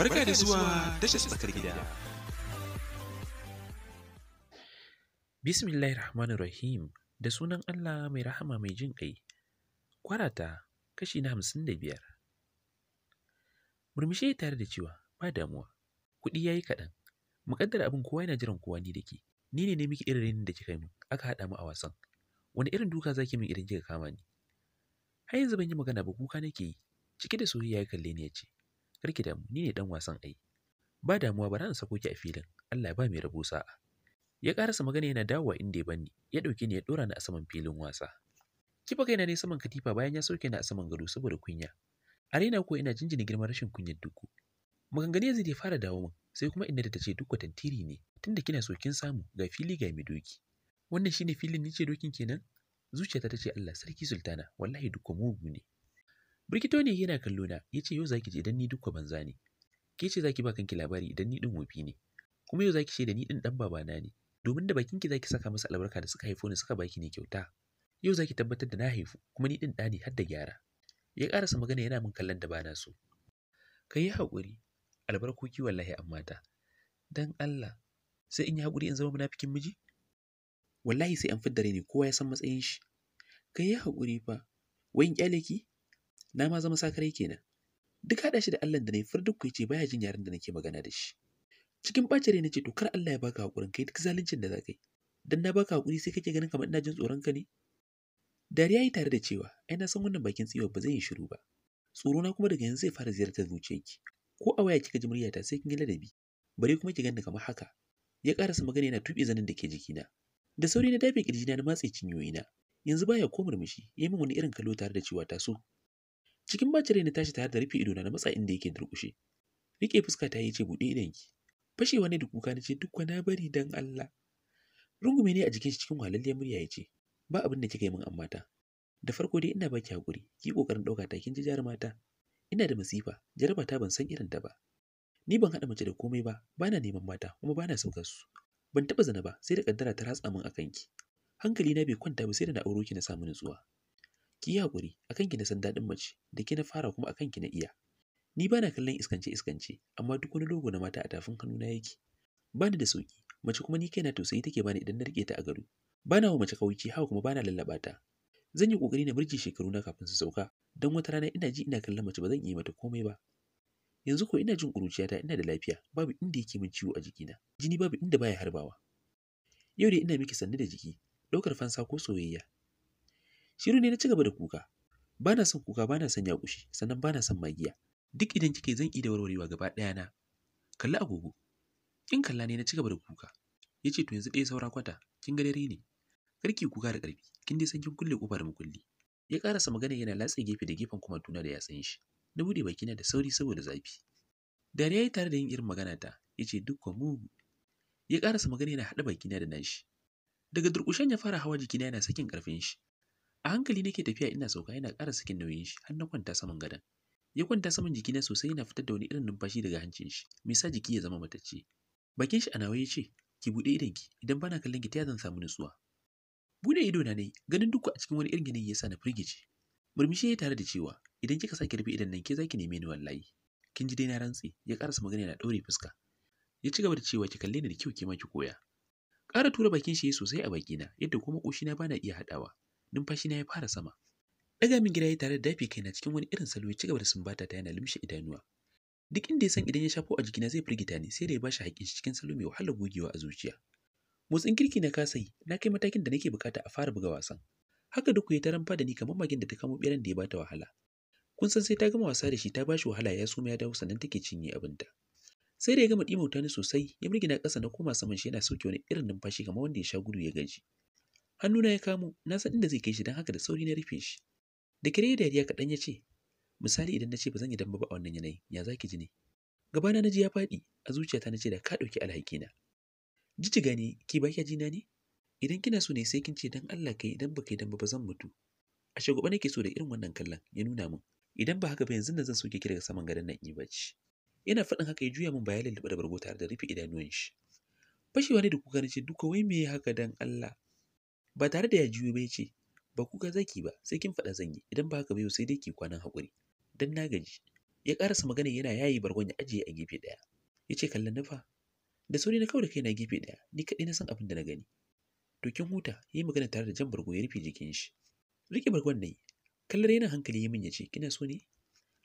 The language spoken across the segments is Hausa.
Barka da zuwa tashar tsakar gida. Bismillahir Rahmanir Rahim da sunan Allah mai rahama mai jin kai Kwarata kashi na hamsin da biyar. Murmushi tare da cewa ba damuwa. Kuɗi ya yi kaɗan. Muƙaddar abin kowa yana jiran kowa ni da ke. Ni ne ne miki irin rinin da kika yi min aka haɗa mu a wasan. Wani irin duka zaki min idan kika kama ni? Har yanzu ban yi magana ba kuka nake yi. Cike da soyayya ya kalle ni ya ce, karki damu ni ne dan wasan ai ba damuwa bara in sako ki a filin Allah ya ba mai rabo sa'a ya karasa magana yana dawowa inda ya bani ya dauke ni ya dora ni a saman filin wasa kifa kaina ne saman katifa bayan ya sauke ni a saman gado saboda kunya a raina ko ina jinjina girman rashin kunyar duku maganganu zai fara dawo min sai kuma inda ta ce duk tantiri ne tunda kina so kin samu ga fili ga mai doki wannan shine filin ce dokin kenan zuciyata ta ce Allah sarki sultana wallahi duk mugu ne Birkito ne yana kallo na, ya ce yau za ki ji idan ni dukka banza ne. Ke ce za ki ba kanki labari idan ni ɗin wofi ne. Kuma yau za ki ce da ni ɗin ɗan babana ne. Domin da bakinki za ki saka masa albarka da suka haifo ni suka baki ne kyauta. Yau za ki tabbatar da na haifu kuma ni ɗin ɗa ne har da gyara. Ya ƙarasa magana yana min kallon da ba na so. Ka yi haƙuri, albarkoki wallahi an mata. Dan Allah, sai in yi haƙuri in zama munafikin miji? Wallahi sai an fidda ne kowa ya san matsayin shi. Ka yi haƙuri fa, wai in ƙyale ki? na ma zama sakarai kenan duk haɗa shi da Allah da nayi duk ku ce baya jin yaren da nake magana da shi cikin bacere na ce to kar Allah ya baka hakurin kai duk zaluncin da za ka yi dan na baka hakuri sai kake ganin kamar ina jin tsoron ka ne dariya yi tare da cewa ai na san wannan bakin tsiwa ba zai yi shiru ba tsoro na kuma daga yanzu zai fara ziyartar zuciyarki ko a waya kika ji muryata sai kin yi ladabi bare kuma ki ganni kamar haka ya karasa magana yana tuɓe zanin da ke jikina da sauri na dafe kirjina na matse cinyoyina yanzu baya ko murmushi ya min wani irin kallo tare da cewa ta so Cikin bacin rai na tashi tare da rufe idona na matsa inda yake durƙushe. Rike fuska ta yi ce buɗe ki. Fashewa ne da kuka na ce duk wani bari dan Allah. Rungume ne a jikin shi cikin walalliyar murya ya ce ba abin da kika yi min amma ta. Da farko dai ina baki hakuri, ki kokarin ɗauka ta kin ji jarumata. Ina da masifa, jaraba ta ban san irin ta ba. Ni ban haɗa mace da komai ba, bana neman mata kuma bana saukar su. Ban taba zana ba, sai da kaddara ta ratsa min akan ki. Hankali na bai kwanta ba sai da na auro ki na samu nutsuwa. ki yi haƙuri akan ki na san daɗin mace da ki na fara kuma akan ki na iya ni ba na kallon iskance iskance amma duk wani logo na mata a tafin na yake bani da sauki mace kuma ni kaina tausayi take bani idan na rike ta a gado bana wa mace kauci hawa kuma bana lallaba ta zan yi kokari na mirji shekaru na kafin su sauka don wata rana ina ji ina kallon mace ba zan yi mata komai ba yanzu ko ina jin kuruciyata ina da lafiya babu inda yake min ciwo a jikina jini babu inda baya harbawa yau da ina miki sanni da jiki ɗaukar fansa ko soyayya Shiru ne na ci da kuka. Ba na son kuka, ba na son yaƙushi, sannan ba na son magiya. Duk idan kike zan da warwarewa gaba ɗaya na. Kalli agogo. Kin kalla ne na cigaba da kuka. Ya ce to yanzu ɗaya saura kwata, kin ga dare ne. Karki kuka da ƙarfi, kin dai san kin kulle ƙofar mu kulli. Ya ƙarasa magana yana latsa gefe da gefen kuma tuna da ya san shi. Na buɗe bakina da sauri saboda zafi. Dariya ya yi tare da yin irin magana ta, ya ce dukkan mu ya ƙarasa magana yana haɗa bakina da nashi. Daga durƙushen ya fara hawa jikina yana sakin ƙarfin shi, A hankali nake tafiya ina sauka yana ƙara sakin nauyin shi har na kwanta saman gadon. Ya kwanta saman jikina sosai yana fitar da wani irin numfashi daga hancin shi, me sa jiki ya zama matacce. Bakin shi a nawa ya ce, ki buɗe idon ki idan bana kallon ki ta zan samu nutsuwa. Buɗe ido na ne ganin duk a cikin wani irin yanayi yasa na firgice. Murmushi ya tare da cewa, idan kika sake rufe idan nan ke zaki neme ni wallahi. Kin ji dai na rantsi, ya karasa magana yana ɗaure fuska. Ya ci gaba da cewa ki kalle ni da kyau ke ma ki koya. Ƙara tura bakin shi sosai a bakina, yadda kuma ƙoshi bana iya haɗawa. numfashi na ya fara sama daga min gida ya tare da dafi kaina cikin wani irin salo ya cigaba da sumbata ta yana lumshe idanuwa duk inda ya san idan ya shafo a jikina zai firgita ni sai da ya bashi haƙin shi cikin salo mai wahalar gogewa a zuciya motsin kirki na kasa yi na kai matakin da nake bukata a fara buga wasan haka duk ya taramfa da ni kamar magin da ta kamo ɓeran da ya bata wahala kun san sai ta gama wasa da shi ta bashi wahala ya suma ya dawo sannan take cinye abinta sai da ya gama ɗimauta ni sosai ya mirgina ƙasa na koma saman shi yana sauke wani irin numfashi kamar wanda ya sha gudu ya gaji hannuna ya kamo na san inda zai kai shi don haka da sauri na rufe shi da kire da kaɗan ya ce misali idan na ce ba zan yi damba ba a wannan yanayi ya zaki ji ne gabana na ji ya faɗi a zuciyata na ce da ka ɗauki alhakina jiji ne ki ba kya jina ne idan kina so ne sai kin ce dan Allah kai idan ba kai damba ba zan mutu a shagwaba nake so da irin wannan kallon ya nuna min idan ba haka ba yanzu nan zan soke ki daga saman gadon nan in bacci yana faɗin haka ya juya min baya lallaba da tare da rufe idanuwan shi fashewa ne da kuka nace duka wai me haka dan Allah ba tare da ya juyo ba ya ce ba kuka zaki ba sai kin faɗa zan yi idan ba haka ba yau sai dai ki kwanan haƙuri dan na gaji ya ƙarasa magana yana yayi bargon ya ajiye a gefe ɗaya ya ce kallon nufa da sauri na kawai da kaina gefe ɗaya ni kaɗai na san abin da na gani to kin huta ya yi magana tare da jan bargo ya rufe jikin shi Rike bargon ne kallar yana hankali ya min ya ce kina so ne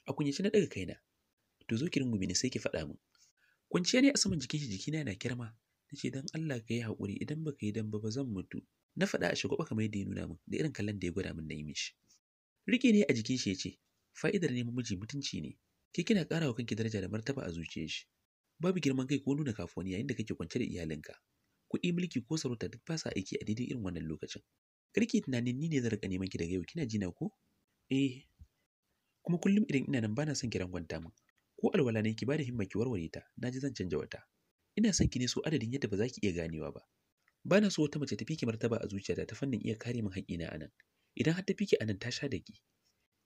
a kunyace na ɗaga kaina to zo ki rungume sai ki faɗa min kwanciya ne a saman jikin shi jikina yana kirma na ce Allah ka yi haƙuri idan baka yi dan ba zan mutu Na faɗa a shagwaba kamar yadda ya nuna min da irin kallon da ya gwada min na yi mishi. Riƙe ne a jikin shi ya ce, fa'idar neman miji mutunci ne, ke kina ƙara wa kanki daraja da martaba a zuciyar shi. Babu girman kai ko nuna kafoni yayin da kake kwance da iyalinka. Kuɗi mulki ko sarauta duk ba sa aiki a daidai irin wannan lokacin. Karki tunanin ni ne zan riƙa neman ki daga yau kina jina ko? Eh. Kuma kullum idan ina nan bana son ki rangwanta min. Ko alwala ne ki bada himma ki warware ta, na ji zan canja wata. Ina son ki ne so adadin yadda ba za ki iya ganewa ba. ba na so wata mace ta fike martaba a zuciyata ta fannin iya kare min haƙƙina na anan, idan har ta fike anan ta sha da ki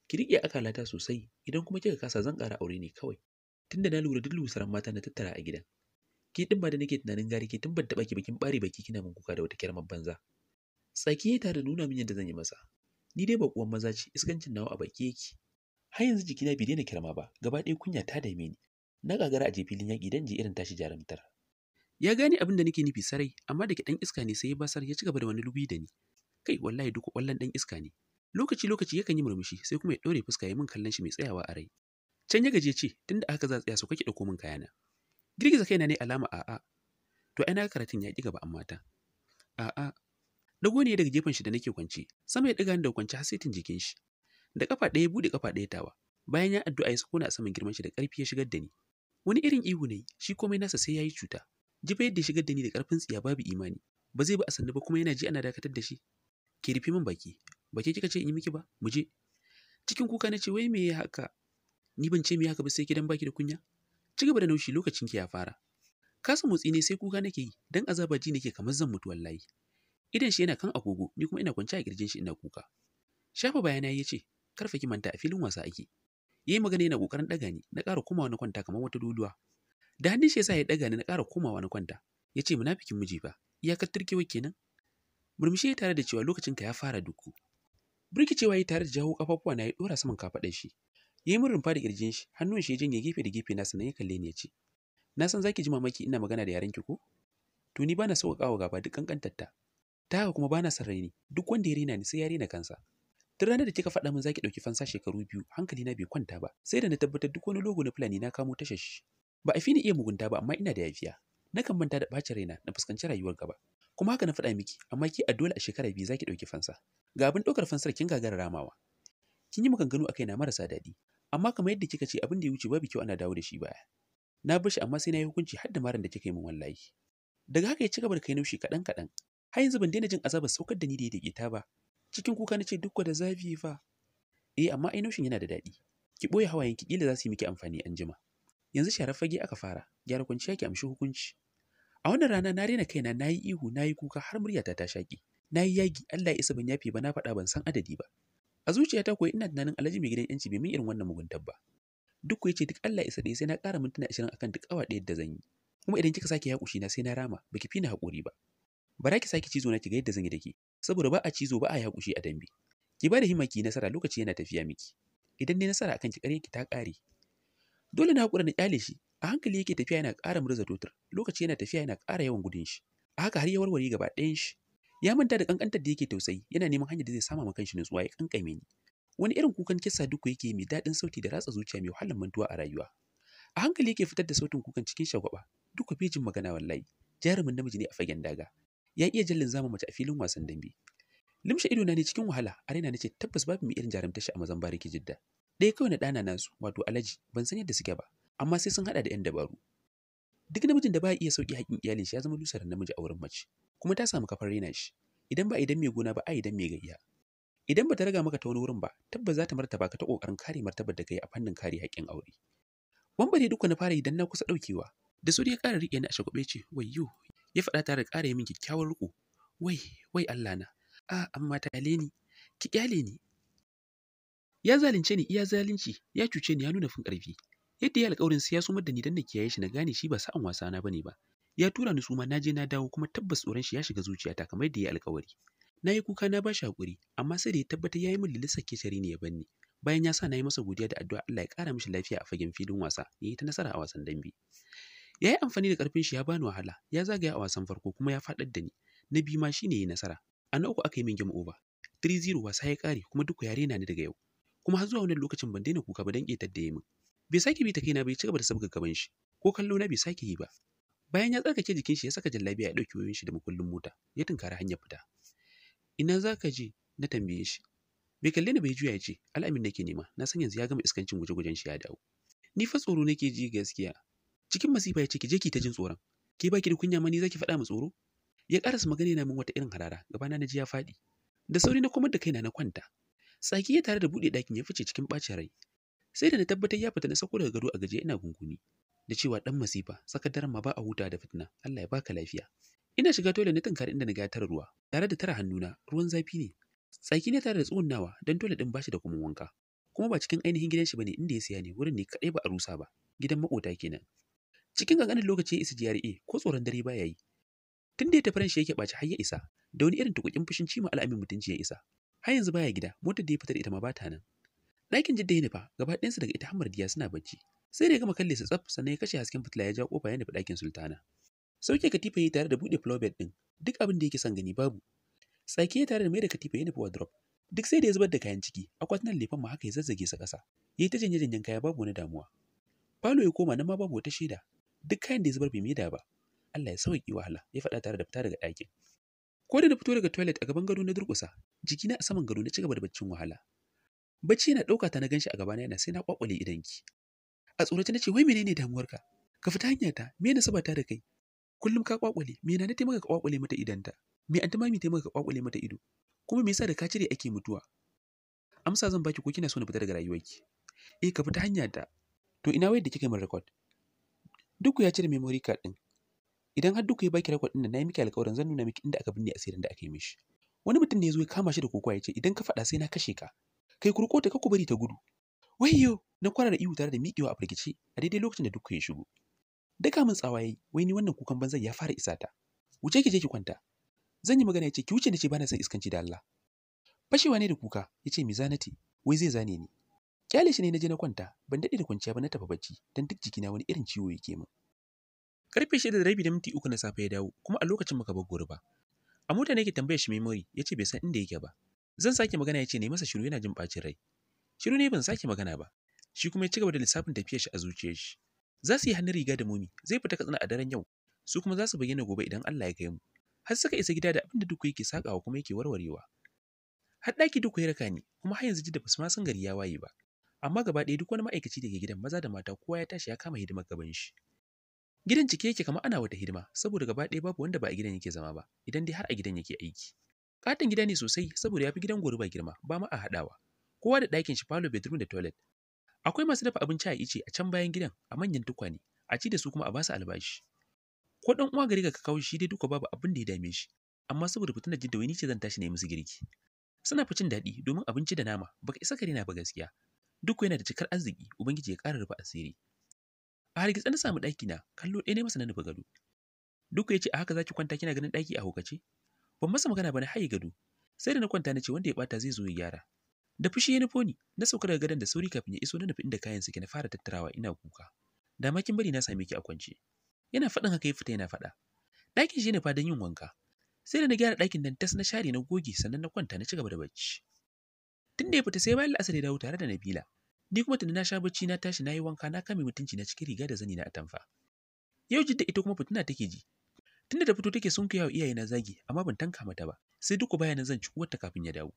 ki riƙe akalata sosai idan kuma kika kasa zan ƙara aure ne kawai tunda na lura duk lusaran mata na tattara a gidan ki din ma da nake tunanin gari ki tun ban taɓa ki bakin ɓare baki kina min kuka da wata kyarmar banza tsaki ya tare nuna min yadda zan yi masa ni dai baƙuwan maza ce iskancin nawa a baki yake har yanzu jikina bai daina kirma ba gaba ɗaya kunya ta dame ni na gagara a je filin yaƙi dan je irin tashi jarumtar ya gane abin da nake nufi sarai amma da ke dan iska ne sai ya basar ya cigaba gaba da wani lubi da ni kai wallahi duk kwallon dan iska ne lokaci lokaci yakan yi murmushi sai kuma ya daure fuska ya min kallon shi mai tsayawa a rai can ya gaje ce tunda aka za tsaya so kake dauko min kayana girgiza kaina ne alama a'a to ai na karatun ya ki gaba amma ta a'a dago ne daga gefen shi da nake kwance sama ya daga ni da kwance har sai tin jikin shi da kafa ɗaya bude kafa daya tawa bayan ya addu'a ya sako na a saman girman shi da ƙarfi ya shigar da ni wani irin ihu ne shi komai nasa sai yayi cuta Jifa yadda shigar da ni da ƙarfin tsiya babu imani. Ba zai bi a sannu ba kuma yana ji ana dakatar da shi. Ke rufe min baki. Ba ke kika ce in yi miki ba? Mu je. Cikin kuka na ce wai me ya haka? Ni ban ce me haka ba sai gidan baki da kunya. Ci gaba da naushi lokacin ki ya fara. Kasa motsi ne sai kuka nake yi dan azaba ji nake kamar zan mutu wallahi. Idan shi yana kan agogo ni kuma ina kwance a kirjin shi ina kuka. Shafa bayana ya ce karfa ki manta a filin wasa ake. Yayi magana yana kokarin daga ni na ƙara komawa na kwanta kamar wata doluwa da hannun shi yasa ya daga ni na ƙara komawa na kwanta ya ce munafikin miji ba iyakar turkewa kenan murmushi ya tare da cewa lokacin ka ya fara duku birkicewa ya tare da jawo kafafuwa na ya dora saman kafaɗar shi ya yi min rumfa da kirjin shi hannun shi ya janye gefe da gefe na sannan ya kalle ni ya ce na san zaki ji mamaki ina magana da yaren ki ko to ni bana sauka wa gaba duk kankantar ta ta haka kuma bana son raini duk wanda ya rena ni sai ya rena kansa tun ranar da kika faɗa min zaki ɗauki fansa shekaru biyu hankali na bai kwanta ba sai da na tabbatar duk wani logo na fulani na kamo tashar shi Ba a fi ni iya mugunta ba amma ina da yafiya. Na kan manta da ɓacin raina na fuskanci rayuwar gaba. Kuma haka na faɗa miki, amma ki a dole a shekara biyu zaki ki ɗauki fansa. Ga abin ɗaukar fansar kin gagara ramawa. Kin yi maganganu a kaina marasa daɗi, amma kamar yadda kika ce abin da ya wuce babu kyau ana dawo da shi baya. Na bar shi amma sai na yi hukunci har da maran da kika yi min wallahi. Daga haka ya ci gaba da kai naushi kaɗan kaɗan. Har yanzu ban daina jin azabar saukar da ni da ya ta ba. Cikin kuka na ce duk da zafi fa. Eh amma ai naushin yana da daɗi. Ki ɓoye hawayen kila za su yi miki amfani an jima. yanzu sharar fage aka fara gyara kwanciya ki amshi hukunci a wannan rana na rena kaina na yi ihu na yi kuka har muryata ta shaƙi na yi yagi Allah ya isa ban yafi ba na faɗa ban san adadi ba a zuciyata koyi ina tunanin alhaji mai gidan yanci bai min irin wannan muguntar ba duk ya ce duk Allah isa ɗaya sai na ƙara mintuna ashirin akan duk awa ɗaya da zan yi kuma idan kika sake yaƙushi na sai na rama baki fi na haƙuri ba bara ki sake cizo na ki ga yadda zan yi dake saboda ba a cizo ba a yaƙushi a dambe ki ba da nasara lokaci yana tafiya miki idan ne nasara akan ki ki ta ƙare Dole na haƙura na ƙyale shi, a hankali yake tafiya yana ƙara murza dotar, lokaci yana tafiya yana ƙara yawan gudun shi. A haka har ya warware gaba ɗayan shi. Ya manta da kankantar da yake tausayi, yana neman hanyar da zai sama ma kanshi nutsuwa ya kankame ni. Wani irin kukan kisa duku yake mai daɗin sauti da ratsa zuciya mai wahalar mantuwa a rayuwa. A hankali yake fitar da sautin kukan cikin shagwaba, duka jin magana wallahi, jarumin namiji ne a fagen daga. Ya iya jallin zama mace a filin wasan dambe. Limshe idona ne cikin wahala, a raina nace tabbas babu mai irin jarumta shi a mazan bariki jidda. ɗaya kawai na ɗana nasu wato alaji ban san yadda suke ba amma sai sun haɗa da 'yan dabaru duk namijin da ba iya sauki haƙƙin iyalin shi ya zama lusar namiji a wurin mace kuma ta samu kafar raina shi idan ba idan mai gona ba a idan mai gayya idan ba ta raga maka ta wani wurin ba tabba za ta martaba ka ta ƙoƙarin kare martabar da kai a fannin kare haƙƙin aure wambare duka na fara idan na kusa ɗaukewa da su ya ƙara riƙe ni a shagube ce wayyo ya faɗa tare da ƙara min kyakkyawar riƙo wai wai Allah na a amma ta ni ki kyale ni ya zalunce ni iya zalunci ya cuce ni ya nuna fin ƙarfi yadda ya alƙawarin sai ya sumar da ni dan na kiyaye shi na gane shi ba sa'an wasa na bane ba ya tura ni suma na je na dawo kuma tabbas tsoron shi ya shiga zuciyata kamar yadda ya alƙawari na yi kuka na ba shi haƙuri amma sai da ya tabbatar ya yi min lilisa ke ne ya banni bayan ya sa na yi masa godiya da addu'a Allah ya ƙara mishi lafiya a fagen filin wasa ya yi ta nasara a wasan dambe ya yi amfani da ƙarfin shi ya bani wahala ya zagaya a wasan farko kuma ya faɗar da ni na biyu ma shine ya nasara a na uku aka yi min game over 3-0 wasa ya ƙare kuma duk yare na ni daga yau kuma har zuwa wannan lokacin ban daina kuka ba dan ƙetar da ya min bai sake bi ta kaina bai ci gaba da sabga gaban shi ko kallo na bai sake yi ba bayan ya tsarkake jikin shi ya saka jallabiya ya dauki wayoyin shi da makullin mota ya tunkari hanyar fita ina za ka je na tambaye shi bai kalle ni bai juya ya ce al'amin nake nema na san yanzu ya gama iskancin guje-gujen shi ya dawo ni fa tsoro nake ji gaskiya cikin masifa ya ce ki je ki ta jin tsoron ke baki da kunya ma ni zaki faɗa mu tsoro ya karasa magana yana min wata irin harara gabana na ji ya faɗi da sauri na komar da kaina na kwanta Tsaki ya tare da buɗe ɗakin ya fice cikin ɓacin rai. Sai da na tabbatar ya fita na sako daga gado a gaje ina gunguni. Da cewa ɗan masifa, tsakar ma ba a huta da fitina, Allah ya baka lafiya. Ina shiga tole na tunkari inda na ga tara ruwa, tare da tara hannuna, ruwan zafi ne. Tsaki ne tare da nawa, don tole ɗin bashi da kuma wanka. Kuma ba cikin ainihin gidan shi bane inda ya siya ne wurin ne kaɗai ba a rusa ba, gidan maƙota kenan. Cikin ƙanƙanin lokaci ya isa GRA ko tsoron dare baya yi. Tunda da ya tafi shi yake ɓaci har ya isa, da wani irin tukukin fushin cima al'amin mutunci ya isa. har yanzu baya gida motar da ya fitar ita ma ba ta nan ɗakin jidda ya nufa gaba ɗayansu daga ita hamar diya suna bacci sai da ya gama kalle su tsaf sannan ya kashe hasken fitila ya ja kofa ya nufi ɗakin sultana sauke katifa yi tare da buɗe flobet ɗin duk abin da yake son gani babu tsaki ya tare da mai da katifa ya nufi wardrobe duk sai da ya zubar da kayan ciki akwatunan lefan ma haka ya zazzage sa ƙasa ya yi ta janye janyen kaya babu wani damuwa falo ya koma nan ma babu wata shaida duk kayan da ya zubar bai da ba Allah ya sauƙi wahala ya faɗa tare da fita daga ɗakin ko da na fito daga toilet a gaban gado na durƙusa jikina a saman gado na cigaba da baccin wahala bacci yana ɗauka ta na ganshi a gabana yana sai na idan idanki a tsorata na ce wai menene damuwarka ka fita hanya ta me na saba ta da kai kullum ka ƙwaƙwale? me na na taimaka ka ƙwaƙwale mata idanta me an mami taimaka ka ƙwaƙwale mata ido kuma me yasa da ka cire ake mutuwa amsa zan baki ko kina so na fita daga rayuwarki eh ka fita hanya ta to ina wayar da kika min record ku ya cire memory card din idan har ku ya baki record din nan yi miki alƙawarin zan nuna miki inda aka binne asirin da aka yi mishi wani mutum ne ya zo ya kama shi da kokowa ya ce idan ka faɗa sai na kashe ka kai kurko ta ku bari ta gudu wayyo na kwarara ihu tare da miƙewa a firgice a daidai lokacin da dukka ya shigo daga min tsawaye wai ni wannan kukan banzan ya fara isa ta wuce ki je ki kwanta zan yi magana ya ce ki wuce na ce bana son iskanci da Allah fashewa ne da kuka ya ce mi mizanati wai zai zane ni kyale shi ne na je na kwanta ban daɗe da kwanciya ba na tafi bacci don duk jikina wani irin ciwo yake min karfe shida da rabi da minti uku na safe ya dawo kuma a lokacin muka bar goruba mota ne yake tambayar shi memory ya ce bai san inda yake ba. Zan sake magana ya ce ne masa shiru yana jin bacin rai. Shiru ne ban sake magana ba. Shi kuma ya ci gaba da lissafin tafiyar shi a zuciyar shi. Za su yi hannun riga da momi zai fita katsina a daren yau su kuma za su bayyana gobe idan Allah ya kai mu. Har suka isa gida da abin da duk yake sakawa kuma yake warwarewa. Har ɗaki duk ya raka ni kuma har yanzu da su ma san gari ya waye ba. Amma gaba ɗaya duk wani ma'aikaci da ke gidan maza da mata kowa ya tashi ya kama hidimar gaban shi. Gidan cike yake kamar ana wata hidima saboda gaba ɗaya babu wanda ba a gidan yake zama ba idan dai har a gidan yake aiki. Katin gida ne sosai saboda ya fi gidan ba girma ba ma a haɗawa. Kowa da ɗakin shi falo bedroom da toilet. Akwai masu dafa abinci a ice a can bayan gidan a manyan tukwane a ci da su kuma a basu albashi. Ko ɗan uwa gari ga ka kawo shi dai duka babu abin da ya dame shi amma saboda fitina jin da wani ce zan tashi na yi musu girki. Suna fi cin daɗi domin abinci da nama baka isa kare na ba gaskiya. Duk yana da cikar arziki Ubangiji ya ƙara rufe asiri. a hargitsa na samu ɗaki na kallo ɗaya ne masa na nufa gado duk ya ce a haka za ki kwanta kina ganin ɗaki a hukace ban masa magana ba na haye gado sai da na kwanta na ce wanda ya ɓata zai zo ya gyara da fushi ya nufo ni na sauka daga gadon da sauri kafin ya iso na nufi inda kayan suke na fara tattarawa ina kuka da makin bari na same ki a kwance yana faɗin haka ya fita yana faɗa ɗakin shi ne fadan yin wanka sai da na gyara ɗakin nan tas na share na goge sannan na kwanta na ci gaba da bacci tun da ya fita sai bayan la'asar ya dawo tare da Nabila Ni kuma tunda na sha bacci na tashi na yi wanka na kame mutunci na cikin riga da zani na atamfa. Yau jidda ita kuma fitina take ji. Tunda da fito take sunkuya wa iyaye na zagi amma ban tanka mata ba. Sai baya bayanan zan ci uwarta kafin ya dawo.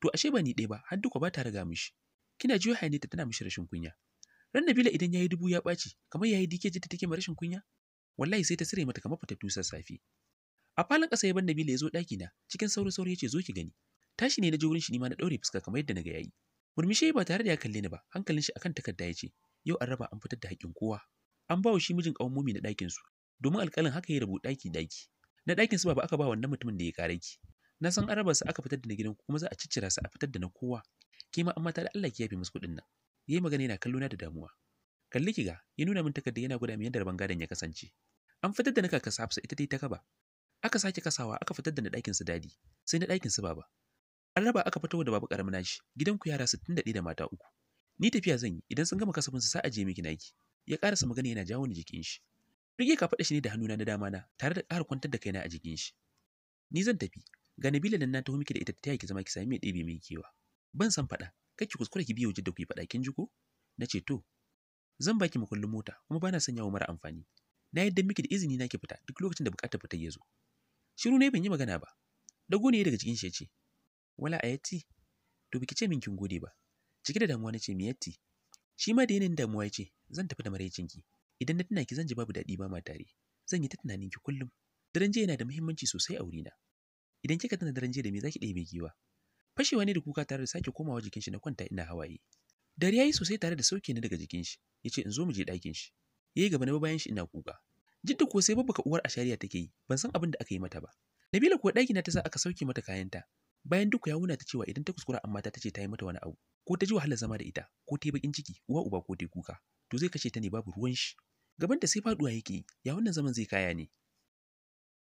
To ashe ba ni ɗaya ba har duka ba ta riga mishi. Kina jiyo ta tana mishi rashin kunya. Ran Nabila idan yayi dubu ya ɓaci kamar yayi yi dike jidda take ma rashin kunya. Wallahi sai ta sire mata kamar fitattu safi. A falon ƙasa ya ban Nabila ya zo ɗakina cikin sauri-sauri ya ce zo ki gani. Tashi ne na je wurin shi ma na ɗaure fuska kamar yadda na ga yayi. murmushi ba tare da ya kalle ni ba hankalin shi akan takarda ya ce yau an raba an fitar da haƙƙin kowa an ba shi mijin ƙawon mumi na ɗakin su domin alƙalin haka ya rabu ɗaki ɗaki na ɗakin su ba aka ba wannan mutumin da ya kare ki na san an raba su aka fitar da na gidan kuma za a ciccira su a fitar da na kowa ke ma amma ta Allah ki yafe musu kuɗin nan yayi magana yana kallo da damuwa kalli ki ga ya nuna min takarda yana gwada min yadda rabon gadon ya kasance an fitar da na kaka Hafsa ita dai ta kaba aka sake kasawa aka fitar da na ɗakin su dadi sai na ɗakin su baba An raba aka fito da babu ƙaramin nashi, gidanku yara sittin da da mata uku. Ni tafiya zan yi idan sun gama kasafin su sa aje miki naki. Ya ƙarasa magana yana jawo ni jikin shi. Rige ka faɗa shi ne da hannuna na dama na tare da ƙara kwantar da kaina a jikin shi. Ni zan tafi, ga Nabila nan na taho miki da ita ta ki zama ki sami mai ɗebe mai kewa. Ban san faɗa, kai ki kuskure ki biyo jidda ku yi faɗa kin ji ko? Na ce to, zan baki makullin mota kuma bana son yawo mara amfani. Na yadda miki da izini na ki fita duk lokacin da buƙatar fita ya zo. Shiru ne ban yi magana ba. Dago ne daga cikin shi ya ce, wala a yatti to biki ce min kin gode ba cike da damuwa nace mi yatti shi ma da yinin damuwa yace zan tafi da maraicin ki idan na tuna ki zan ji babu dadi ba ma tare zan yi ta tunanin ki kullum daren jiya yana da muhimmanci sosai a wurina idan kika tana daren jiya da me zaki ɗebe giwa fashewa ne da kuka tare da sake komawa jikin shi na kwanta ina hawaye dariya yi sosai tare da sauke ni daga jikin shi yace in zo mu je dakin shi yayi gaba na bayan shi ina kuka jidda ko sai babba ka uwar a shari'a take yi ban san abin da aka yi mata ba nabila ko daki na ta sa aka sauke mata kayanta bayan duk ya wuna ta cewa idan ta kuskura amma ta ce ta yi mata wani abu ko ta ji wahalar zama da ita ko ta yi bakin ciki uwa uba ko ta kuka to zai kashe ta ne babu ruwan shi gaban da sai faduwa yake ya wannan zaman zai kaya ne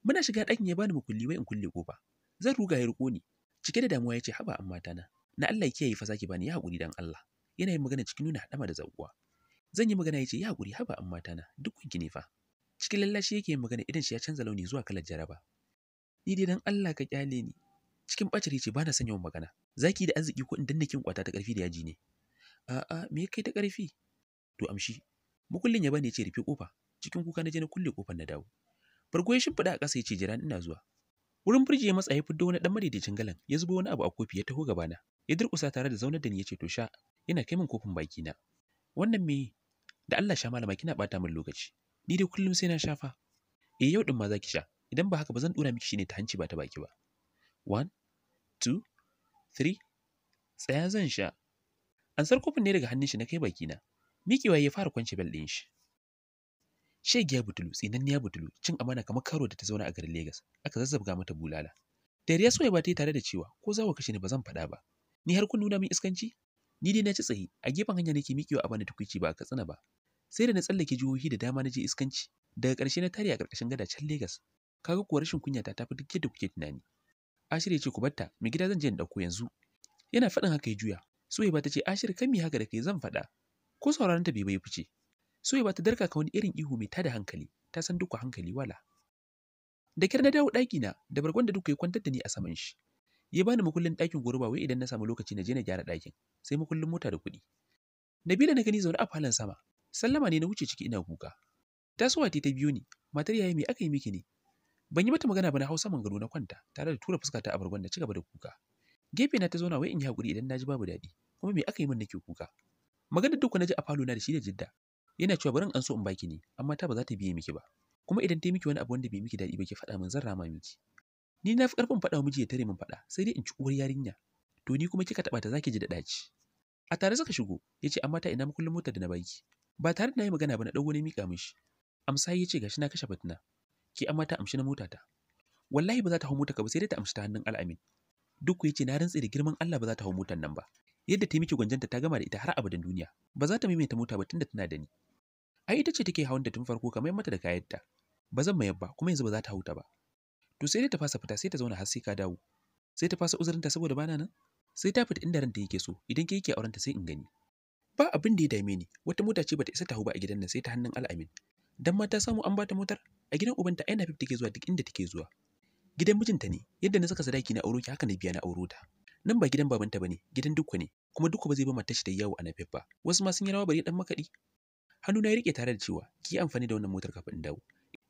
muna shiga ɗakin ya bani mukulli wai in kulle kofa zan ruga ya ruko ni cike da damuwa yace haba amma tana na Allah ya kiyaye fa zaki bani ya hakuri dan Allah yana yin magana cikin nuna hadama da zakuwa zan yi magana yace ya hakuri haba amma tana duk kunki ne fa cikin lallashi yake yin magana idan shi ya canza launi zuwa kalar jaraba ni dai dan Allah ka kyale ni cikin ɓacin ce ba na son yawan magana zaki da arziki ko in danna kin kwata ta ƙarfi da yaji ne a'a me kai ta ƙarfi to amshi mukullin ya bani ya ce rufe kofa cikin kuka na je na kulle kofar na dawo farko ya shimfiɗa a ƙasa ya ce jira ina zuwa wurin burje ya matsa ya fiddo wani ɗan madaidaicin galan ya zuba wani abu a kofi ya taho gabana ya durkusa tare da zaunar da ni ya ce to sha yana kai min kofin baki na wannan me da Allah sha malama kina bata min lokaci ni dai kullum sai na shafa eh yau din ma zaki sha idan ba haka ba zan dora miki shine ta hanci ba ta baki ba one two, three, tsaya zan sha. Ansar kofin ne daga hannun shi na kai bakina, miƙewa ya fara kwance bel ɗin shi. Shegiya butulu, tsinanniya butulu, cin amana kamar karo da ta zauna a garin Legas, aka zazzabga mata bulala. Dariya soya ba ta yi tare da cewa ko za ku kashe ni ba zan faɗa ba. Ni har kun nuna min iskanci? Ni dai na ci tsaye, a gefen hanya nake miƙewa a bani tukuici ba a katsina ba. Sai da na tsallake jihohi da dama na je iskanci, daga ƙarshe na tare a ƙarƙashin gada Legas. Kaga kuwa rashin kunya ta tafi duk yadda kuke tunani. Ashir ya ce ku batta, mai gida zan je in ɗauko yanzu. Yana faɗin haka ya juya. Suwaiba ta ce Ashir kan mi haka da kai zan faɗa. Ko sauraron ta bai bai fice. Suwaiba ta darka ka wani irin ihu mai tada hankali, ta san duka hankali wala. Da kyar na dawo ɗaki na, da bargon da duka ya kwantar da ni a saman shi. Ya bani makullin ɗakin goruba wai idan na samu lokaci na je na gyara ɗakin, sai makullin mota da kuɗi. Nabila na gani zaune a falon sama, sallama ne na wuce ciki ina kuka. Tasowa ta biyo ni, matar yaya me aka yi miki ne? Ban yi mata magana ba na hausa man gado na kwanta tare da tura fuskata a bargon da ci gaba da kuka. Gefe na ta zauna wai in yi hakuri idan na ji babu daɗi, kuma me aka yi min nake kuka? Maganar duk na ji a falo na da shi da jidda. Yana cewa barin an so in baki ne, amma ta ba za ta biye miki ba. Kuma idan ta yi miki wani abu wanda bai miki daɗi ba ki faɗa min zan rama miki. Ni na fi ƙarfin faɗa miji ya tare min faɗa, sai dai in ci uwar yarinya. To ni kuma kika taɓa ta zaki ji da ɗaci. A tare suka shigo, ya ce amma ta ina makullin motar da na baki. Ba tare da na yi magana ba na ɗau wani miƙa mishi. Amsa ya ce gashi na kashe fitina. ki amma ta amshi na ta wallahi ba za ta hau mota ka ba sai dai ta amshi ta hannun al'amin duk ku yace na rantsi da girman Allah ba za ta hau motar nan ba yadda ta miki gwanjanta ta gama da ita har abadan duniya ba za ta maimaita mota ba tunda tana da ni ai ita ce take hawan da tun farko kamar mata da kayarta ba zan mayar ba kuma yanzu ba za ta ta ba to sai dai ta fasa fita sai ta zauna har sai ka dawo sai ta fasa uzurinta saboda bana nan sai ta fita inda ranta yake so idan ke yake aurenta sai in gani ba abin da ya dame ni wata mota ce bata isa ta hau ba a gidan nan sai ta hannun al'amin dan ma ta samu an bata motar a gidan ubanta ai Nafif take zuwa duk inda take zuwa gidan mijinta ne yadda na saka sadaki na auro ki haka na biya na auro ta nan ba gidan babanta bane gidan dukku ne kuma dukku ba zai ba matar shi da yawo a Nafif ba wasu ma sun yi rawa bari dan makadi hannu na rike tare da cewa ki yi amfani da wannan motar kafin dawo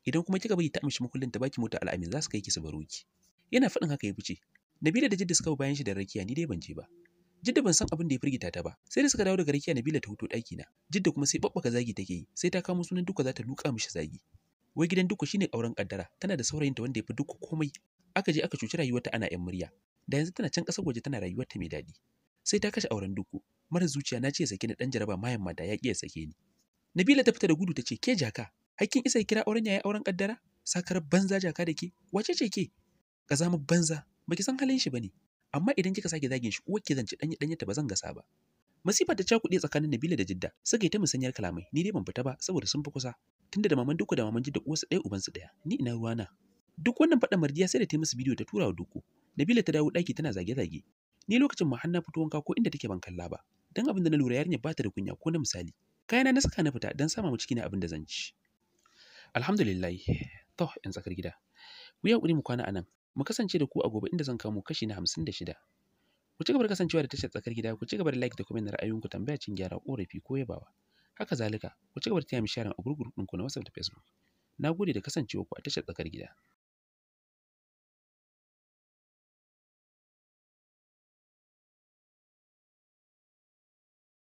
idan kuma kika bari ta amshi mukullin ta baki mota al'amin za su kai ki su baro ki yana faɗin haka ya fice Nabila da Jidda suka bi bayan shi da rakiya ni dai ban je ba Jidda ban san abin da ya firgita ta ba. Sai da suka dawo daga rakiya Nabila ta hoto ɗaki na. Jidda kuma sai babbaka zagi take yi. Sai ta kamo sunan duka za ta luka mishi zagi. wai gidan duku shine auren kaddara tana da saurayinta wanda ya fi duku komai aka je aka cuci rayuwarta ana yan murya da yanzu tana can ƙasar waje tana rayuwarta mai daɗi sai ta kashe auren duku mara zuciya na ce sake ni dan jaraba mayan da ya ƙi sake ni Nabila ta fita da gudu ta ce ke jaka hakkin isa ya kira auren yayi auren kaddara sakar banza jaka da ke wace ce ke zama banza baki san halin shi bane amma idan kika sake zagin shi uwa ke zance danye danye ta bazan gasa ba Masifar ta cakuɗe tsakanin Nabila da Jidda suka yi ta musanyar kalamai ni dai ban fita ba saboda sun fi kusa tunda da maman duka da maman Jidda uwarsu ɗaya ubansu ɗaya ni ina ruwa na duk wannan faɗan mardiya sai da ta musu bidiyo ta tura wa duku Nabila ta dawo ɗaki tana zage-zage ni lokacin ma hanna fito wanka ko inda take ban kalla ba dan abin da na lura yarinya ba ta da kunya ko na misali kayana na saka na fita dan sama mu ciki na abin da zan ci alhamdulillah to in tsakar gida ku ya mu kwana anan mu kasance da ku a gobe inda zan kawo mu kashi na 56 ku ci gaba da kasancewa da tashar tsakar gida ku ci gaba da like da comment da ra'ayoyinku tambaya cin gyara korafi ko yabawa haka zalika ku ci da taya mu sharing a ɗinku na WhatsApp da Facebook na gode da kasancewa ku a tashar tsakar gida